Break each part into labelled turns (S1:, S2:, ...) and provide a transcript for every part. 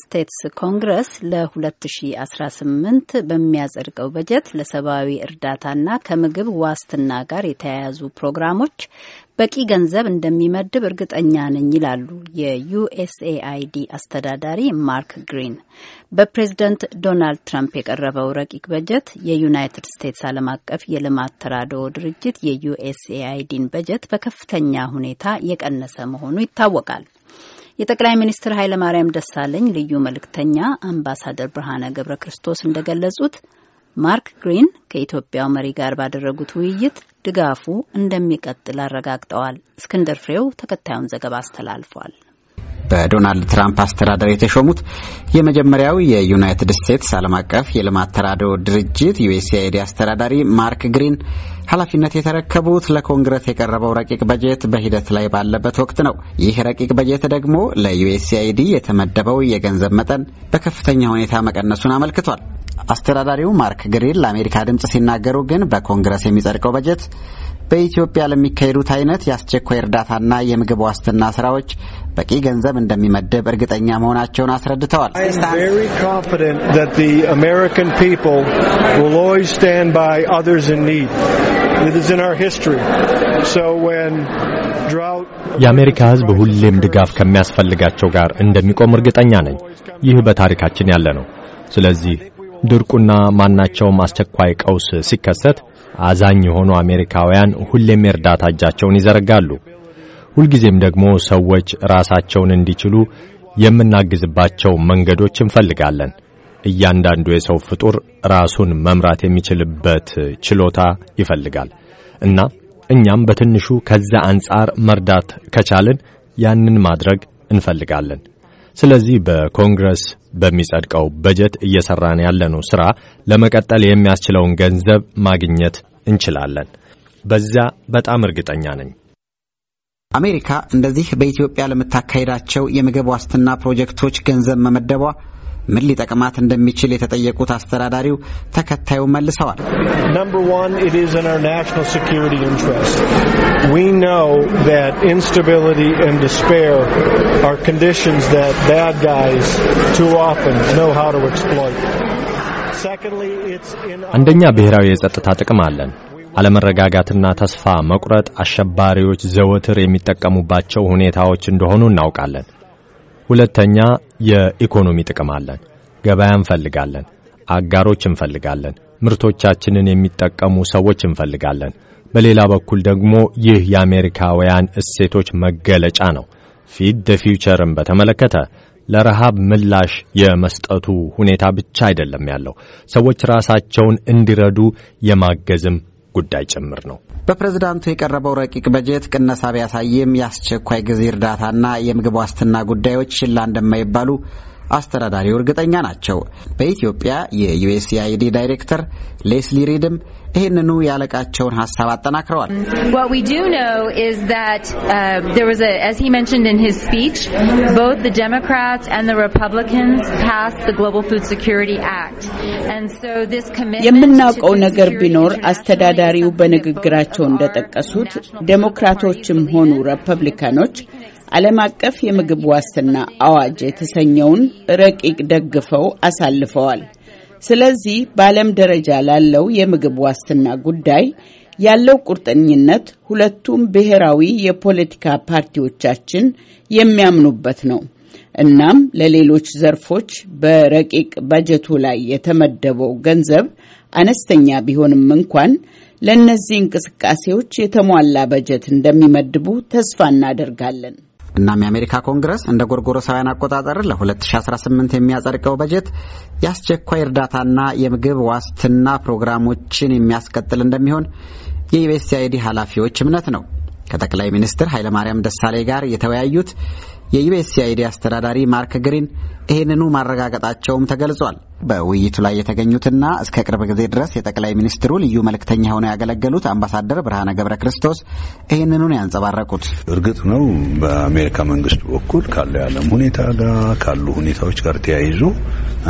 S1: ስቴትስ ኮንግረስ ለ2018 በሚያጸድቀው በጀት ለሰብአዊ እርዳታና ከምግብ ዋስትና ጋር የተያያዙ ፕሮግራሞች በቂ ገንዘብ እንደሚመድብ እርግጠኛ ነኝ ይላሉ የዩኤስኤአይዲ አስተዳዳሪ ማርክ ግሪን። በፕሬዝደንት ዶናልድ ትራምፕ የቀረበው ረቂቅ በጀት የዩናይትድ ስቴትስ ዓለም አቀፍ የልማት ተራድኦ ድርጅት የዩኤስኤአይዲን በጀት በከፍተኛ ሁኔታ የቀነሰ መሆኑ ይታወቃል። የጠቅላይ ሚኒስትር ኃይለማርያም ደሳለኝ ልዩ መልእክተኛ አምባሳደር ብርሃነ ገብረ ክርስቶስ እንደገለጹት ማርክ ግሪን ከኢትዮጵያው መሪ ጋር ባደረጉት ውይይት ድጋፉ እንደሚቀጥል አረጋግጠዋል። እስክንድር ፍሬው ተከታዩን ዘገባ አስተላልፏል።
S2: በዶናልድ ትራምፕ አስተዳደር የተሾሙት የመጀመሪያው የዩናይትድ ስቴትስ ዓለም አቀፍ የልማት ተራድኦ ድርጅት ዩኤስኤአይዲ አስተዳዳሪ ማርክ ግሪን ኃላፊነት የተረከቡት ለኮንግረስ የቀረበው ረቂቅ በጀት በሂደት ላይ ባለበት ወቅት ነው። ይህ ረቂቅ በጀት ደግሞ ለዩኤስኤአይዲ የተመደበው የገንዘብ መጠን በከፍተኛ ሁኔታ መቀነሱን አመልክቷል። አስተዳዳሪው ማርክ ግሪል ለአሜሪካ ድምፅ ሲናገሩ ግን በኮንግረስ የሚጸድቀው በጀት በኢትዮጵያ ለሚካሄዱት አይነት የአስቸኳይ እርዳታና የምግብ ዋስትና ስራዎች በቂ ገንዘብ እንደሚመደብ እርግጠኛ መሆናቸውን አስረድተዋል።
S3: የአሜሪካ ሕዝብ ሁሌም ድጋፍ ከሚያስፈልጋቸው ጋር እንደሚቆም እርግጠኛ ነኝ። ይህ በታሪካችን ያለ ነው። ስለዚህ ድርቁና ማናቸውም አስቸኳይ ቀውስ ሲከሰት አዛኝ የሆኑ አሜሪካውያን ሁሌም የእርዳታ እጃቸውን ይዘረጋሉ። ሁልጊዜም ደግሞ ሰዎች ራሳቸውን እንዲችሉ የምናግዝባቸው መንገዶች እንፈልጋለን። እያንዳንዱ የሰው ፍጡር ራሱን መምራት የሚችልበት ችሎታ ይፈልጋል እና እኛም በትንሹ ከዛ አንጻር መርዳት ከቻልን ያንን ማድረግ እንፈልጋለን። ስለዚህ በኮንግረስ በሚጸድቀው በጀት እየሰራን ያለነው ስራ ለመቀጠል የሚያስችለውን ገንዘብ ማግኘት እንችላለን። በዚያ በጣም እርግጠኛ ነኝ።
S2: አሜሪካ እንደዚህ በኢትዮጵያ ለምታካሄዳቸው የምግብ ዋስትና ፕሮጀክቶች ገንዘብ መመደቧ ምን ሊጠቅማት እንደሚችል የተጠየቁት አስተዳዳሪው ተከታዩ መልሰዋል።
S3: አንደኛ ብሔራዊ የጸጥታ ጥቅም አለን። አለመረጋጋትና ተስፋ መቁረጥ አሸባሪዎች ዘወትር የሚጠቀሙባቸው ሁኔታዎች እንደሆኑ እናውቃለን። ሁለተኛ የኢኮኖሚ ጥቅም አለን። ገበያ እንፈልጋለን፣ አጋሮች እንፈልጋለን፣ ምርቶቻችንን የሚጠቀሙ ሰዎች እንፈልጋለን። በሌላ በኩል ደግሞ ይህ የአሜሪካውያን እሴቶች መገለጫ ነው። ፊድ ደ ፊውቸርን በተመለከተ ለረሃብ ምላሽ የመስጠቱ ሁኔታ ብቻ አይደለም ያለው ሰዎች ራሳቸውን እንዲረዱ የማገዝም ጉዳይ ጭምር ነው።
S2: በፕሬዝዳንቱ የቀረበው ረቂቅ በጀት ቅነሳ ቢያሳይም የአስቸኳይ ጊዜ እርዳታና የምግብ ዋስትና ጉዳዮች ችላ እንደማይባሉ አስተዳዳሪው እርግጠኛ ናቸው። በኢትዮጵያ የዩኤስኤአይዲ ዳይሬክተር ሌስሊ ሪድም ይህንኑ ያለቃቸውን ሀሳብ አጠናክረዋል። um,
S1: የምናውቀው
S2: ነገር ቢኖር አስተዳዳሪው በንግግራቸው እንደጠቀሱት ዴሞክራቶችም ሆኑ ሪፐብሊካኖች ዓለም አቀፍ የምግብ ዋስትና አዋጅ የተሰኘውን ረቂቅ ደግፈው አሳልፈዋል። ስለዚህ በዓለም ደረጃ ላለው የምግብ ዋስትና ጉዳይ ያለው ቁርጠኝነት ሁለቱም ብሔራዊ የፖለቲካ ፓርቲዎቻችን የሚያምኑበት ነው። እናም ለሌሎች ዘርፎች በረቂቅ በጀቱ ላይ የተመደበው ገንዘብ አነስተኛ ቢሆንም እንኳን ለእነዚህ እንቅስቃሴዎች የተሟላ በጀት እንደሚመድቡ ተስፋ እናደርጋለን። እናም የአሜሪካ ኮንግረስ እንደ ጎርጎሮሳውያን አቆጣጠር ለ2018 የሚያጸድቀው በጀት የአስቸኳይ እርዳታና የምግብ ዋስትና ፕሮግራሞችን የሚያስቀጥል እንደሚሆን የዩኤስአይዲ ኃላፊዎች እምነት ነው። ከጠቅላይ ሚኒስትር ኃይለማርያም ደሳሌ ጋር የተወያዩት የዩኤስአይዲ አስተዳዳሪ ማርክ ግሪን ይህንኑ ማረጋገጣቸውም ተገልጿል። በውይይቱ ላይ የተገኙትና እስከ ቅርብ ጊዜ ድረስ የጠቅላይ ሚኒስትሩ ልዩ መልእክተኛ ሆነው ያገለገሉት አምባሳደር ብርሃነ ገብረ ክርስቶስ ይህንኑን
S4: ያንጸባረቁት እርግጥ ነው በአሜሪካ መንግስት በኩል ካለው የዓለም ሁኔታ ጋር ካሉ ሁኔታዎች ጋር ተያይዞ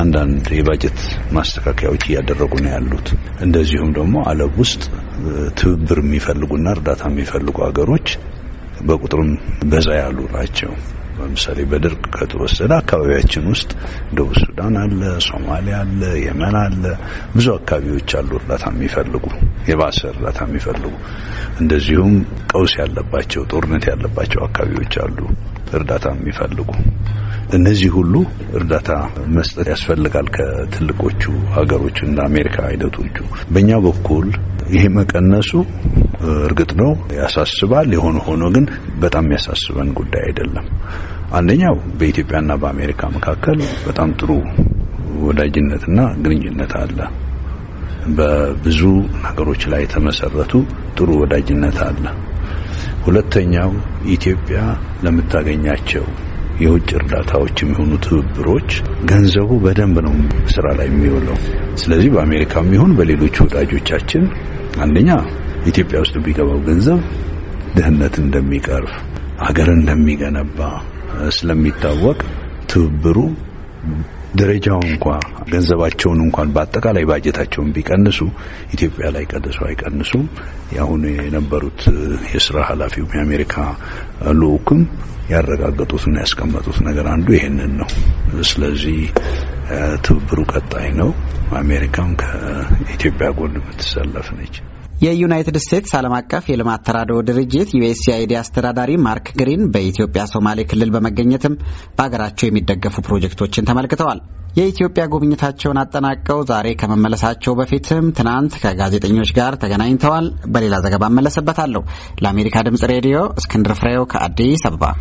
S4: አንዳንድ የባጀት ማስተካከያዎች እያደረጉ ነው ያሉት። እንደዚሁም ደግሞ ዓለም ውስጥ ትብብር የሚፈልጉና እርዳታ የሚፈልጉ ሀገሮች በቁጥርም በዛ ያሉ ናቸው። ለምሳሌ በድርቅ ከተወሰደ አካባቢያችን ውስጥ ደቡብ ሱዳን አለ፣ ሶማሊያ አለ፣ የመን አለ፣ ብዙ አካባቢዎች አሉ እርዳታ የሚፈልጉ የባሰ እርዳታ የሚፈልጉ እንደዚሁም ቀውስ ያለባቸው ጦርነት ያለባቸው አካባቢዎች አሉ እርዳታ የሚፈልጉ። እነዚህ ሁሉ እርዳታ መስጠት ያስፈልጋል ከትልቆቹ ሀገሮች እንደ አሜሪካ አይነቶቹ። በእኛ በኩል ይሄ መቀነሱ እርግጥ ነው ያሳስባል። የሆነ ሆኖ ግን በጣም የሚያሳስበን ጉዳይ አይደለም። አንደኛው በኢትዮጵያና በአሜሪካ መካከል በጣም ጥሩ ወዳጅነትና ግንኙነት አለ። በብዙ ነገሮች ላይ የተመሰረቱ ጥሩ ወዳጅነት አለ። ሁለተኛው ኢትዮጵያ ለምታገኛቸው የውጭ እርዳታዎች የሚሆኑ ትብብሮች ገንዘቡ በደንብ ነው ስራ ላይ የሚውለው። ስለዚህ በአሜሪካም ይሁን በሌሎች ወዳጆቻችን አንደኛ ኢትዮጵያ ውስጥ የሚገባው ገንዘብ ድህነት እንደሚቀርፍ ሀገር እንደሚገነባ ስለሚታወቅ ትብብሩ ደረጃው እንኳ ገንዘባቸውን እንኳን በአጠቃላይ ባጀታቸውን ቢቀንሱ ኢትዮጵያ ላይ ቀንሱ አይቀንሱም። የአሁኑ የነበሩት የስራ ኃላፊው የአሜሪካ ልኡክም ያረጋገጡትና ያስቀመጡት ነገር አንዱ ይሄንን ነው። ስለዚህ ትብብሩ ቀጣይ ነው። አሜሪካም ከኢትዮጵያ ጎን የምትሰለፍ ነች።
S2: የዩናይትድ ስቴትስ ዓለም አቀፍ የልማት ተራድኦ ድርጅት ዩኤስኤአይዲ አስተዳዳሪ ማርክ ግሪን በኢትዮጵያ ሶማሌ ክልል በመገኘትም በሀገራቸው የሚደገፉ ፕሮጀክቶችን ተመልክተዋል። የኢትዮጵያ ጉብኝታቸውን አጠናቀው ዛሬ ከመመለሳቸው በፊትም ትናንት ከጋዜጠኞች ጋር ተገናኝተዋል። በሌላ ዘገባ እመለስበታለሁ። ለአሜሪካ ድምጽ ሬዲዮ እስክንድር ፍሬው ከአዲስ አበባ